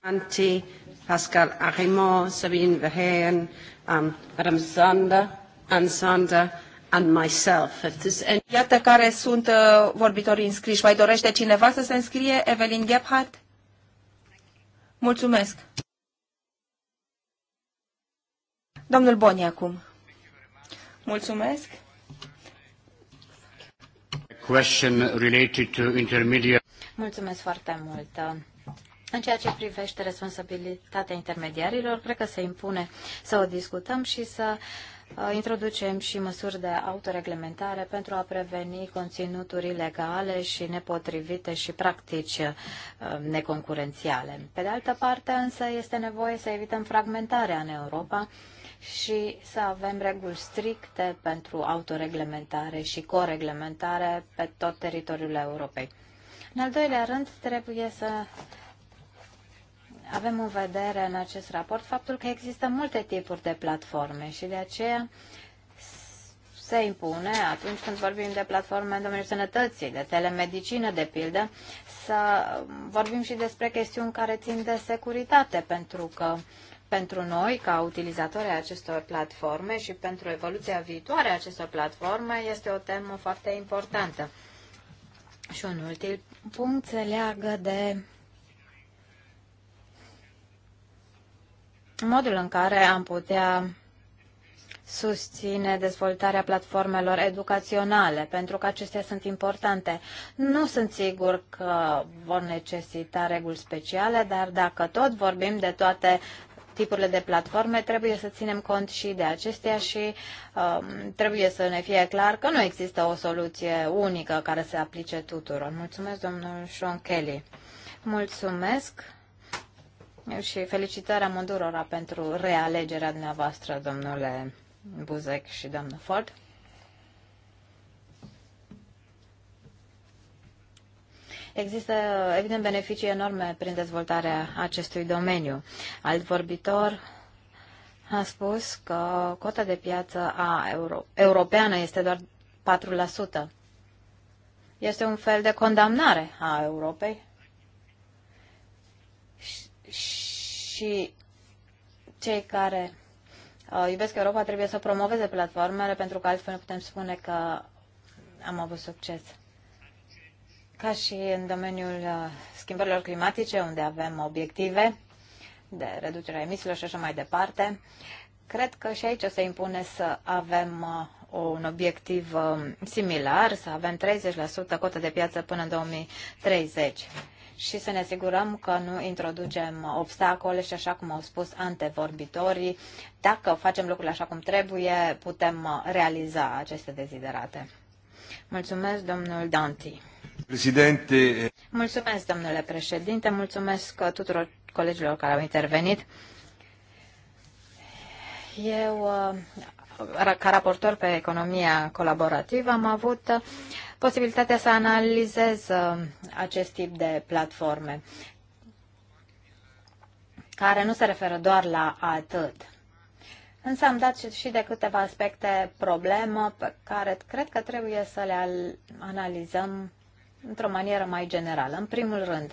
Speaker 3: Anti, Pascal Arimont, Sabine Verheyen, um, Adam Zander, Anne Sander, and myself. If any... Iată care sunt uh, vorbitorii înscriși. Mai dorește cineva să se înscrie? Evelyn Gebhardt? Mulțumesc. Domnul Boni acum.
Speaker 1: Mulțumesc.
Speaker 3: Question
Speaker 2: related to
Speaker 1: Mulțumesc foarte mult. În ceea ce privește responsabilitatea intermediarilor, cred că se impune să o discutăm și să uh, Uh, introducem și măsuri de autoreglementare pentru a preveni conținuturi ilegale și nepotrivite și practici uh, neconcurențiale. Pe de altă parte, însă, este nevoie să evităm fragmentarea în Europa și să avem reguli stricte pentru autoreglementare și coreglementare pe tot teritoriul Europei. În al doilea rând, trebuie să avem în vedere în acest raport faptul că există multe tipuri de platforme și de aceea se impune atunci când vorbim de platforme în domeniul sănătății, de telemedicină, de pildă, să vorbim și despre chestiuni care țin de securitate, pentru că pentru noi, ca utilizatori ai acestor platforme și pentru evoluția viitoare a acestor platforme, este o temă foarte importantă. Și un ultim punct se leagă de modul în care am putea susține dezvoltarea platformelor educaționale, pentru că acestea sunt importante. Nu sunt sigur că vor necesita reguli speciale, dar dacă tot vorbim de toate tipurile de platforme, trebuie să ținem cont și de acestea și um, trebuie să ne fie clar că nu există o soluție unică care se aplice tuturor. Mulțumesc, domnul Sean Kelly. Mulțumesc și felicitări amândurora pentru realegerea dumneavoastră, domnule Buzek și doamnă Ford. Există, evident, beneficii enorme prin dezvoltarea acestui domeniu. Alt vorbitor a spus că cota de piață a euro, europeană este doar 4%. Este un fel de condamnare a Europei și cei care uh, iubesc Europa trebuie să promoveze platformele, pentru că altfel nu putem spune că am avut succes. Ca și în domeniul uh, schimbărilor climatice, unde avem obiective de reducerea emisiilor și așa mai departe, cred că și aici o să impune să avem uh, un obiectiv uh, similar, să avem 30% cotă de piață până în 2030 și să ne asigurăm că nu introducem obstacole și așa cum au spus antevorbitorii, dacă facem lucrurile așa cum trebuie, putem realiza aceste deziderate. Mulțumesc, domnul Danti. Președinte. Mulțumesc, domnule președinte, mulțumesc tuturor colegilor care au intervenit. Eu ca raportor pe economia colaborativă, am avut uh, posibilitatea să analizez uh, acest tip de platforme, care nu se referă doar la atât. Însă am dat și de câteva aspecte problemă pe care cred că trebuie să le analizăm într-o manieră mai generală. În primul rând,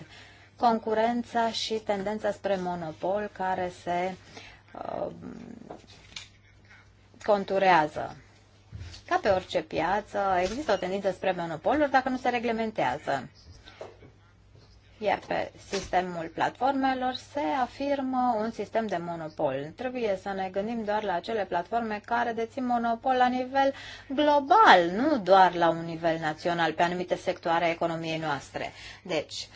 Speaker 1: concurența și tendența spre monopol care se uh, conturează. Ca pe orice piață, există o tendință spre monopoluri dacă nu se reglementează. Iar pe sistemul platformelor se afirmă un sistem de monopol. Trebuie să ne gândim doar la acele platforme care dețin monopol la nivel global, nu doar la un nivel național, pe anumite sectoare a economiei noastre. Deci,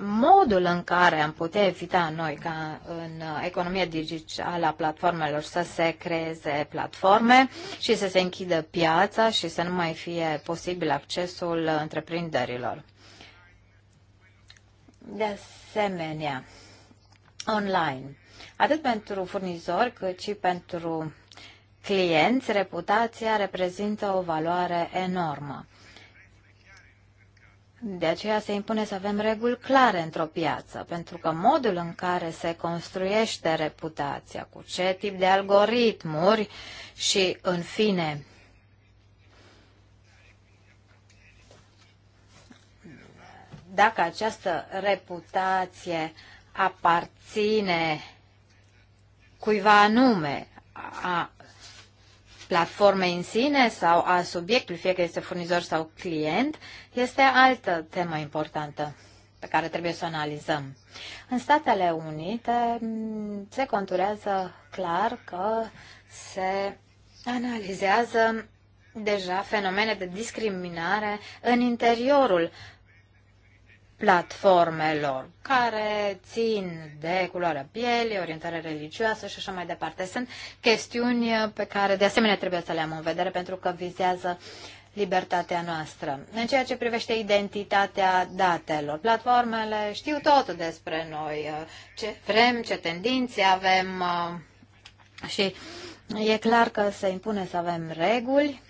Speaker 1: modul în care am putea evita noi ca în uh, economia digitală a platformelor să se creeze platforme și să se închidă piața și să nu mai fie posibil accesul întreprinderilor. De asemenea, online, atât pentru furnizori cât și pentru clienți, reputația reprezintă o valoare enormă. De aceea se impune să avem reguli clare într-o piață, pentru că modul în care se construiește reputația, cu ce tip de algoritmuri și, în fine, dacă această reputație aparține cuiva anume a platformei în sine sau a subiectului, fie că este furnizor sau client, este altă temă importantă pe care trebuie să o analizăm. În Statele Unite mm, se conturează clar că se analizează deja fenomene de discriminare în interiorul platformelor care țin de culoarea pielii, orientare religioasă și așa mai departe. Sunt chestiuni pe care de asemenea trebuie să le am în vedere pentru că vizează libertatea noastră. În ceea ce privește identitatea datelor, platformele știu tot despre noi, ce vrem, ce tendințe avem uh, și e clar că se impune să avem reguli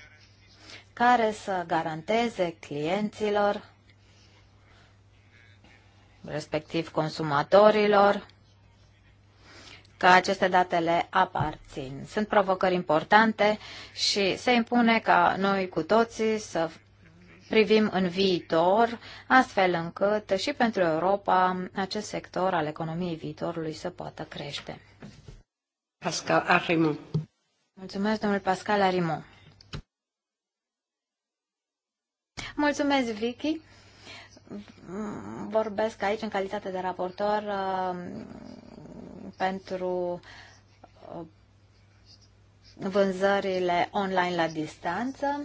Speaker 1: care să garanteze clienților respectiv consumatorilor, că aceste date le aparțin. Sunt provocări importante și se impune ca noi cu toții să privim în viitor, astfel încât și pentru Europa acest sector al economiei viitorului să poată crește. Pascal Arimon. Mulțumesc, domnul Pascal Arimon. Mulțumesc, Vicky. Mm, vorbesc aici în calitate de raportor uh, pentru uh, vânzările online la distanță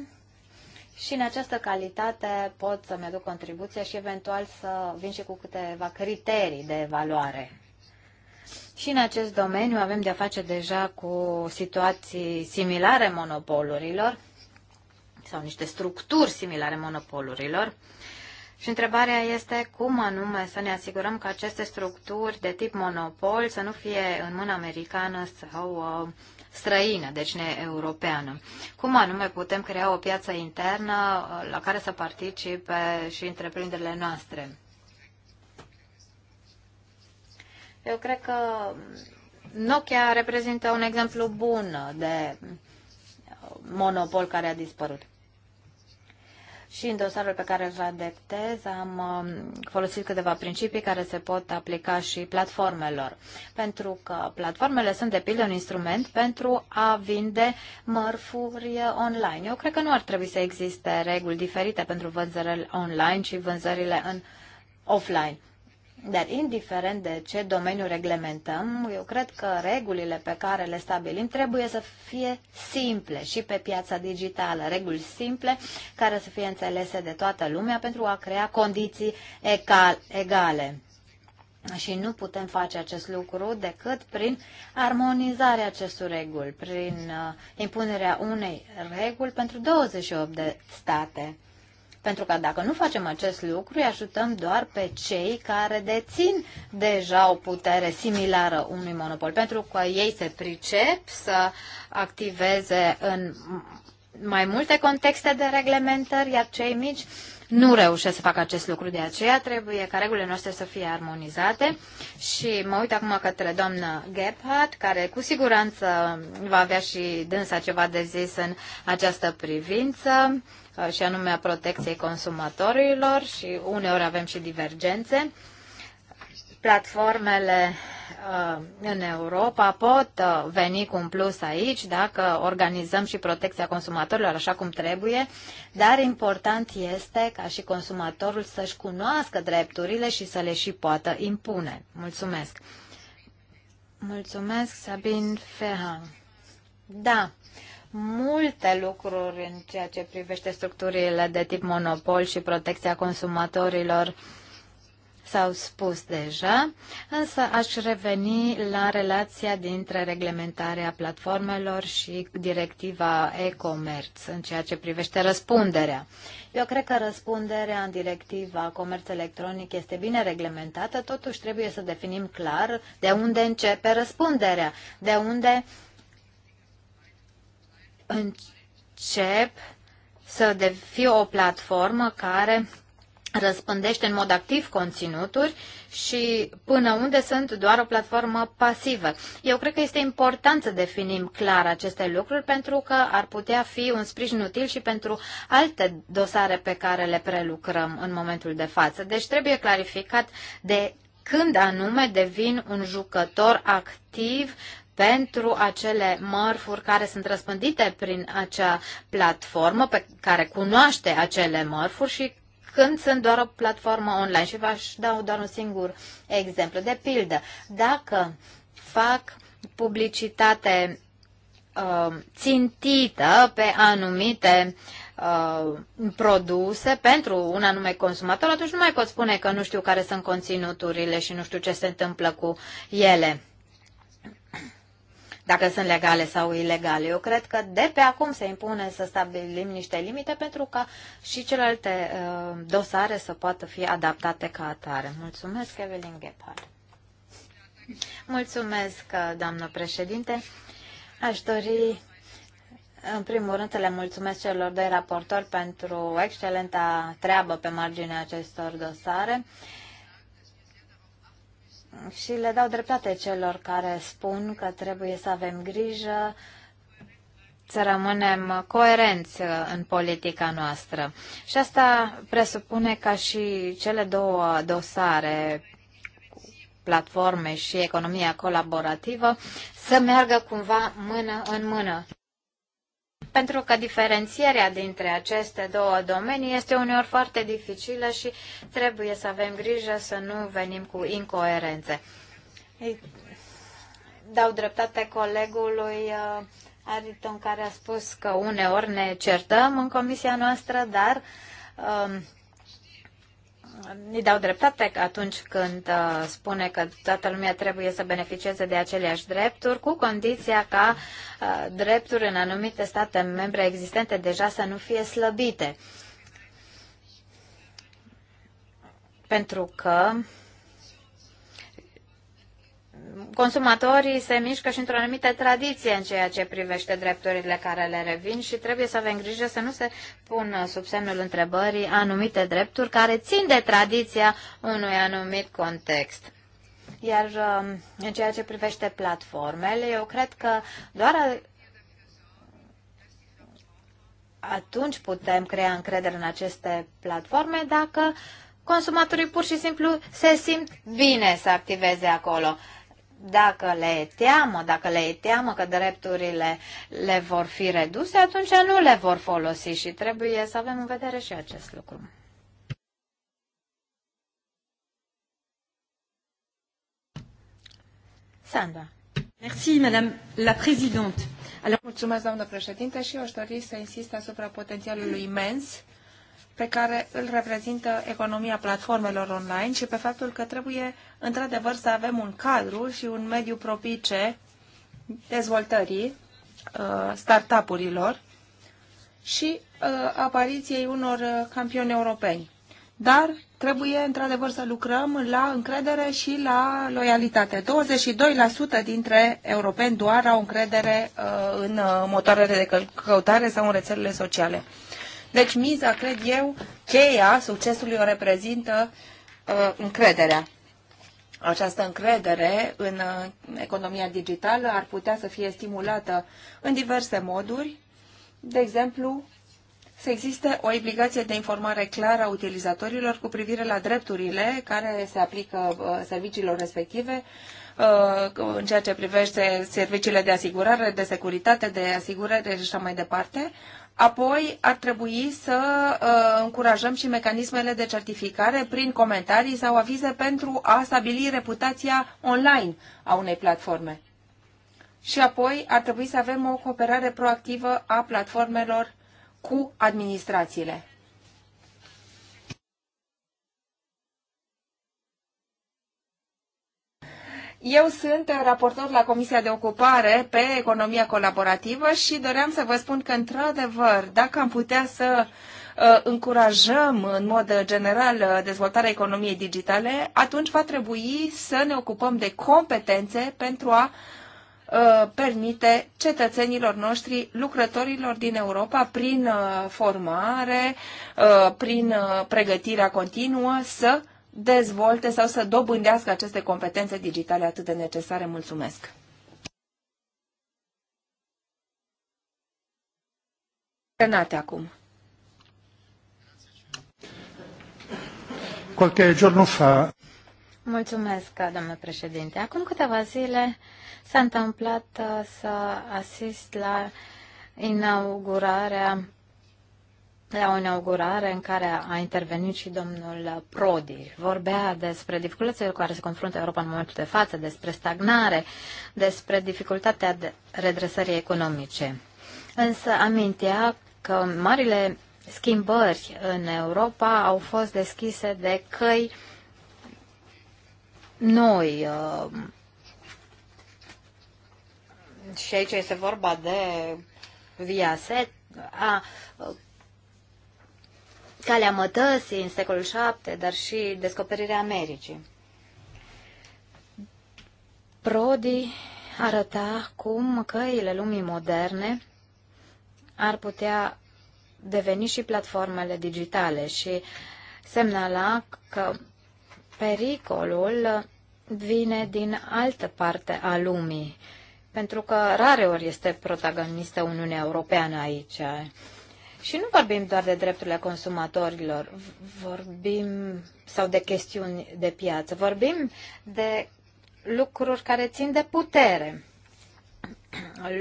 Speaker 1: și în această calitate pot să-mi aduc contribuția și eventual să vin și cu câteva criterii de evaluare. Și în acest domeniu avem de-a face deja cu situații similare monopolurilor sau niște structuri similare monopolurilor și întrebarea este cum anume să ne asigurăm că aceste structuri de tip monopol să nu fie în mână americană sau uh, străină, deci ne-europeană. Cum anume putem crea o piață internă uh, la care să participe și întreprinderile noastre? Eu cred că Nokia reprezintă un exemplu bun de uh, monopol care a dispărut. Și în dosarul pe care îl redactez am um, folosit câteva principii care se pot aplica și platformelor. Pentru că platformele sunt, de pildă, un instrument pentru a vinde mărfuri online. Eu cred că nu ar trebui să existe reguli diferite pentru vânzările online și vânzările în offline. Dar indiferent de ce domeniu reglementăm, eu cred că regulile pe care le stabilim trebuie să fie simple și pe piața digitală. Reguli simple care să fie înțelese de toată lumea pentru a crea condiții egale. Și nu putem face acest lucru decât prin armonizarea acestor reguli, prin uh, impunerea unei reguli pentru 28 de state. Pentru că dacă nu facem acest lucru, îi ajutăm doar pe cei care dețin deja o putere similară unui monopol, pentru că ei se pricep să activeze în mai multe contexte de reglementări, iar cei mici nu reușesc să facă acest lucru. De aceea trebuie ca regulile noastre să fie armonizate și mă uit acum către doamnă Gebhardt, care cu siguranță va avea și dânsa ceva de zis în această privință. Uh, și anume a protecției consumatorilor și uneori avem și divergențe. Platformele uh, în Europa pot uh, veni cu un plus aici dacă organizăm și protecția consumatorilor așa cum trebuie, dar important este ca și consumatorul să-și cunoască drepturile și să le și poată impune. Mulțumesc! Mulțumesc, Sabin Fehan. Da, multe lucruri în ceea ce privește structurile de tip monopol și protecția consumatorilor s-au spus deja, însă aș reveni la relația dintre reglementarea platformelor și directiva e-comerț în ceea ce privește răspunderea. Eu cred că răspunderea în directiva comerț electronic este bine reglementată, totuși trebuie să definim clar de unde începe răspunderea, de unde uh, încep să fie o platformă care răspândește în mod activ conținuturi și până unde sunt doar o platformă pasivă. Eu cred că este important să definim clar aceste lucruri pentru că ar putea fi un sprijin util și pentru alte dosare pe care le prelucrăm în momentul de față. Deci trebuie clarificat de când anume devin un jucător activ pentru acele mărfuri care sunt răspândite prin acea platformă pe care cunoaște acele mărfuri și când sunt doar o platformă online. Și v-aș da doar un singur exemplu. De pildă, dacă fac publicitate uh, țintită pe anumite uh, produse pentru un anume consumator, atunci nu mai pot spune că nu știu care sunt conținuturile și nu știu ce se întâmplă cu ele dacă sunt legale sau ilegale. Eu cred că de pe acum se impune să stabilim niște limite pentru ca și celelalte uh, dosare să poată fi adaptate ca atare. Mulțumesc, Evelyn Gephardt. Mulțumesc, uh, doamnă președinte. Aș dori în primul rând, le mulțumesc celor doi raportori pentru excelenta treabă pe marginea acestor dosare și le dau dreptate celor care spun că trebuie să avem grijă să rămânem coerenți în politica noastră. Și asta presupune ca și cele două dosare, platforme și economia colaborativă, să meargă cumva mână în mână pentru că diferențierea dintre aceste două domenii este uneori foarte dificilă și trebuie să avem grijă să nu venim cu incoerențe. Dau dreptate colegului uh, Ariton care a spus că uneori ne certăm în comisia noastră, dar um, îi dau dreptate atunci când uh, spune că toată lumea trebuie să beneficieze de aceleași drepturi, cu condiția ca uh, drepturi în anumite state membre existente deja să nu fie slăbite. Pentru că consumatorii se mișcă și într-o anumită tradiție în ceea ce privește drepturile care le revin și trebuie să avem grijă să nu se pună sub semnul întrebării anumite drepturi care țin de tradiția unui anumit context. Iar um, în ceea ce privește platformele, eu cred că doar atunci putem crea încredere în aceste platforme dacă consumatorii pur și simplu se simt bine să activeze acolo dacă le e teamă, dacă le e teamă că drepturile le vor fi reduse, atunci nu le vor folosi și trebuie să avem în vedere și acest lucru. Sandra.
Speaker 3: Merci, Madame la Présidente. Alors... Mulțumesc, doamnă președinte, și eu aș dori să insist asupra potențialului imens pe care îl reprezintă economia platformelor online și pe faptul că trebuie, într-adevăr, să avem un cadru și un mediu propice dezvoltării uh, startup-urilor și uh, apariției unor uh, campioni europeni. Dar trebuie, într-adevăr, să lucrăm la încredere și la loialitate. 22% dintre europeni doar au încredere în motoarele de căutare sau în rețelele sociale. Deci miza, cred eu, cheia succesului o reprezintă uh, încrederea. Această încredere în uh, economia digitală ar putea să fie stimulată în diverse moduri, de exemplu, să existe o obligație de informare clară a utilizatorilor cu privire la drepturile care se aplică uh, serviciilor respective uh, în ceea ce privește serviciile de asigurare, de securitate, de asigurare și așa mai departe, Apoi ar trebui să uh, încurajăm și mecanismele de certificare prin comentarii sau avize pentru a stabili reputația online a unei platforme. Și apoi ar trebui să avem o cooperare proactivă a platformelor cu administrațiile. Eu sunt raportor la Comisia de Ocupare pe economia colaborativă și doream să vă spun că, într-adevăr, dacă am putea să uh, încurajăm în mod general uh, dezvoltarea economiei digitale, atunci va trebui să ne ocupăm de competențe pentru a uh, permite cetățenilor noștri, lucrătorilor din Europa, prin formare, prin pregătirea continuă, să dezvolte sau să dobândească aceste competențe digitale atât de necesare. Mulțumesc!
Speaker 1: Renate acum. Qualche giorno fa Mulțumesc, doamnă președinte. Acum câteva zile s-a întâmplat uh, să asist la inaugurarea la o inaugurare în care a intervenit și domnul Prodi. Vorbea despre dificultățile cu care se confruntă Europa în momentul de față, despre stagnare, despre dificultatea de redresării economice. Însă amintea că marile schimbări în Europa au fost deschise de căi noi. Uh, și aici este vorba de via set, a calea mătăsii în secolul VII, dar și descoperirea Americii. Prodi arăta cum căile lumii moderne ar putea deveni și platformele digitale și semnala că pericolul vine din altă parte a lumii, pentru că rareori este protagonistă Uniunea Europeană aici. Și nu vorbim doar de drepturile consumatorilor, vorbim sau de chestiuni de piață, vorbim de lucruri care țin de putere.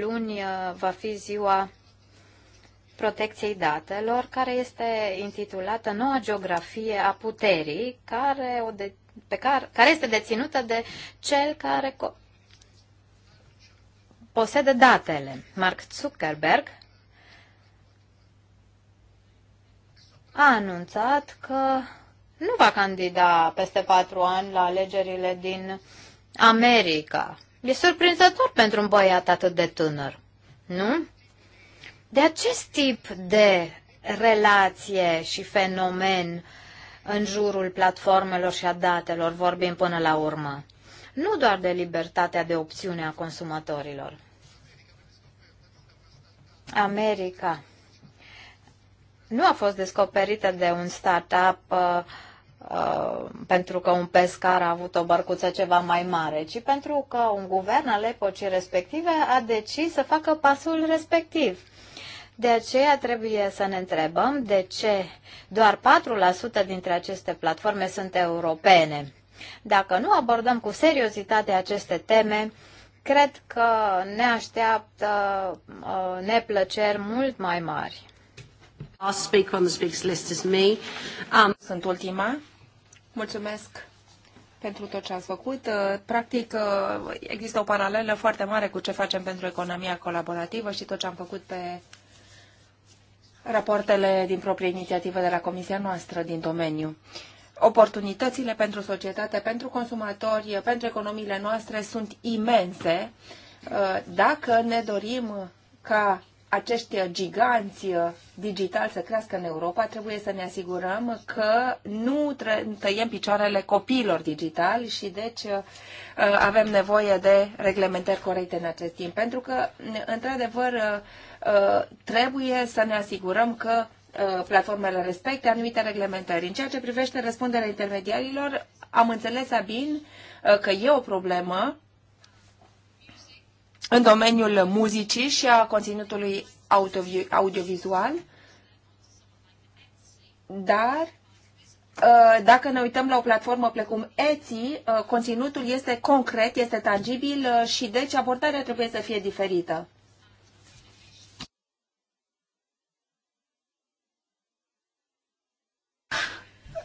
Speaker 1: Luni uh, va fi ziua protecției datelor, care este intitulată Noua geografie a puterii, care, o de, pe care, care este deținută de cel care co- posedă datele, Mark Zuckerberg, a anunțat că nu va candida peste patru ani la alegerile din America. E surprinzător pentru un băiat atât de tânăr, nu? De acest tip de relație și fenomen în jurul platformelor și a datelor vorbim până la urmă. Nu doar de libertatea de opțiune a consumatorilor. America nu a fost descoperită de un startup uh, uh, pentru că un pescar a avut o bărcuță ceva mai mare, ci pentru că un guvern al epocii respective a decis să facă pasul respectiv. De aceea trebuie să ne întrebăm de ce doar 4% dintre aceste platforme sunt europene. Dacă nu abordăm cu seriozitate aceste teme, cred că ne așteaptă uh, neplăceri mult mai mari.
Speaker 3: Last speaker on the speakers list is me. Um... Sunt ultima. Mulțumesc pentru tot ce ați făcut. Uh, practic, uh, există o paralelă foarte mare cu ce facem pentru economia colaborativă și tot ce am făcut pe rapoartele din proprie inițiativă de la Comisia noastră din domeniu. Oportunitățile pentru societate, pentru consumatori, pentru economiile noastre sunt imense. Uh, dacă ne dorim ca acești giganți digitali să crească în Europa, trebuie să ne asigurăm că nu tăiem picioarele copiilor digitali și deci uh, avem nevoie de reglementări corecte în acest timp. Pentru că, într-adevăr, uh, trebuie să ne asigurăm că uh, platformele respecte anumite reglementări. În ceea ce privește răspunderea intermediarilor, am înțeles, bine că e o problemă în domeniul muzicii și a conținutului audiovizual, dar uh, dacă ne uităm la o platformă precum Etsy, uh, conținutul este concret, este tangibil uh, și deci abordarea trebuie să fie diferită.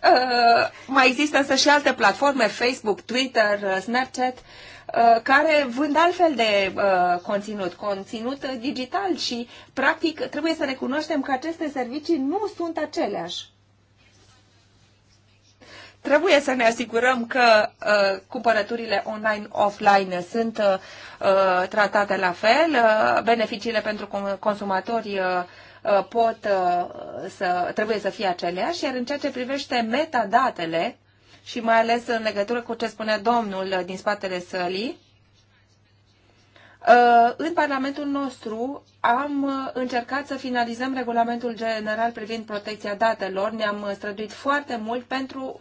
Speaker 3: Uh, mai există însă și alte platforme, Facebook, Twitter, uh, Snapchat, uh, care vând altfel de conținut, conținut digital și, practic, trebuie să recunoaștem că aceste servicii nu sunt aceleași. Trebuie să ne asigurăm că uh, cumpărăturile online-offline sunt uh, tratate la fel, uh, beneficiile pentru consumatori uh, Uh, pot uh, să, trebuie să fie aceleași, iar în ceea ce privește metadatele și mai ales în legătură cu ce spunea domnul uh, din spatele sălii, Uh, în Parlamentul nostru am uh, încercat să finalizăm regulamentul general privind protecția datelor. Ne-am uh, străduit foarte mult pentru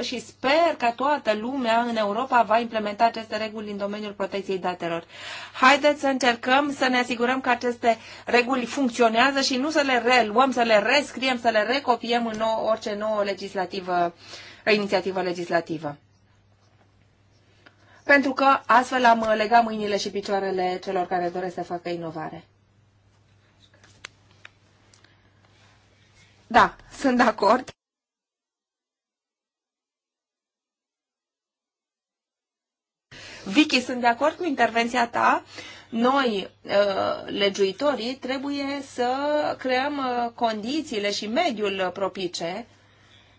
Speaker 3: și sper că toată lumea în Europa va implementa aceste reguli în domeniul protecției datelor. Haideți să încercăm să ne asigurăm că aceste reguli funcționează și nu să le reluăm, să le rescriem, să le recopiem în nou, orice nouă legislativă, inițiativă legislativă pentru că astfel am uh, legat mâinile și picioarele celor care doresc să facă inovare. Da, sunt de acord. Vicky, sunt de acord cu intervenția ta. Noi, uh, legiuitorii, trebuie să creăm uh, condițiile și mediul propice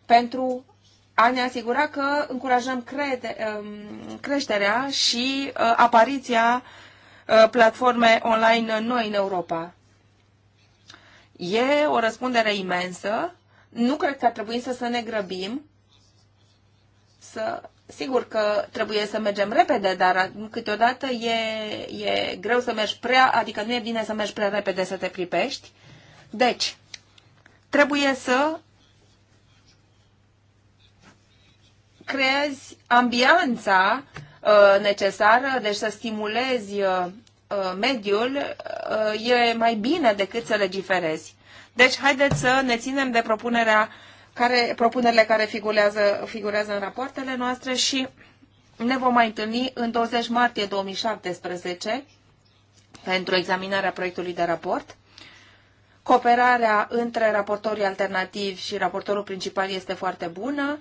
Speaker 3: pentru a ne asigura că încurajăm crede, um, creșterea și uh, apariția uh, platforme online noi în Europa. E o răspundere imensă. Nu cred că ar trebui să, să ne grăbim. Să... Sigur că trebuie să mergem repede, dar câteodată e, e greu să mergi prea, adică nu e bine să mergi prea repede să te pripești. Deci, trebuie să creezi ambianța uh, necesară, deci să stimulezi uh, uh, mediul, e mai bine decât să legiferezi. Deci haideți să ne ținem de propunerea care, propunerile care figurează, figurează în rapoartele noastre și ne vom mai întâlni în 20 martie 2017 pentru examinarea proiectului de raport. Cooperarea între raportorii alternativi și raportorul principal este foarte bună.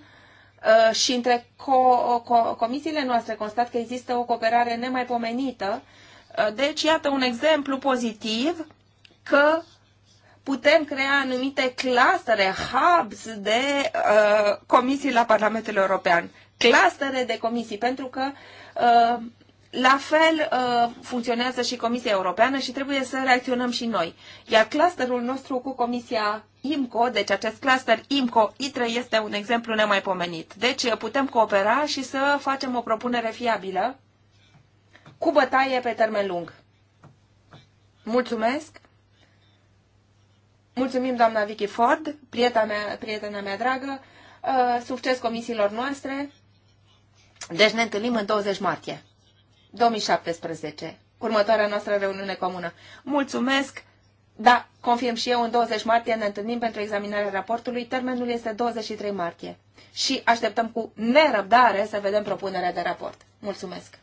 Speaker 3: Uh, și între co- co- comisiile noastre constat că există o cooperare nemaipomenită. Uh, deci, iată un exemplu pozitiv că putem crea anumite clastere, hubs de uh, comisii la Parlamentul European, clastere de comisii, pentru că uh, la fel uh, funcționează și Comisia Europeană și trebuie să reacționăm și noi. Iar clusterul nostru cu Comisia IMCO, deci acest cluster IMCO-ITRE este un exemplu nemaipomenit. Deci uh, putem coopera și să facem o propunere fiabilă cu bătaie pe termen lung. Mulțumesc! Mulțumim, doamna Vicky Ford, prietena mea, prietena mea dragă, uh, succes comisiilor noastre. Deci ne întâlnim în 20 martie. 2017, următoarea noastră reuniune comună. Mulțumesc! Da, confirm și eu, în 20 martie ne întâlnim pentru examinarea raportului. Termenul este 23 martie. Și așteptăm cu nerăbdare să vedem propunerea de raport. Mulțumesc!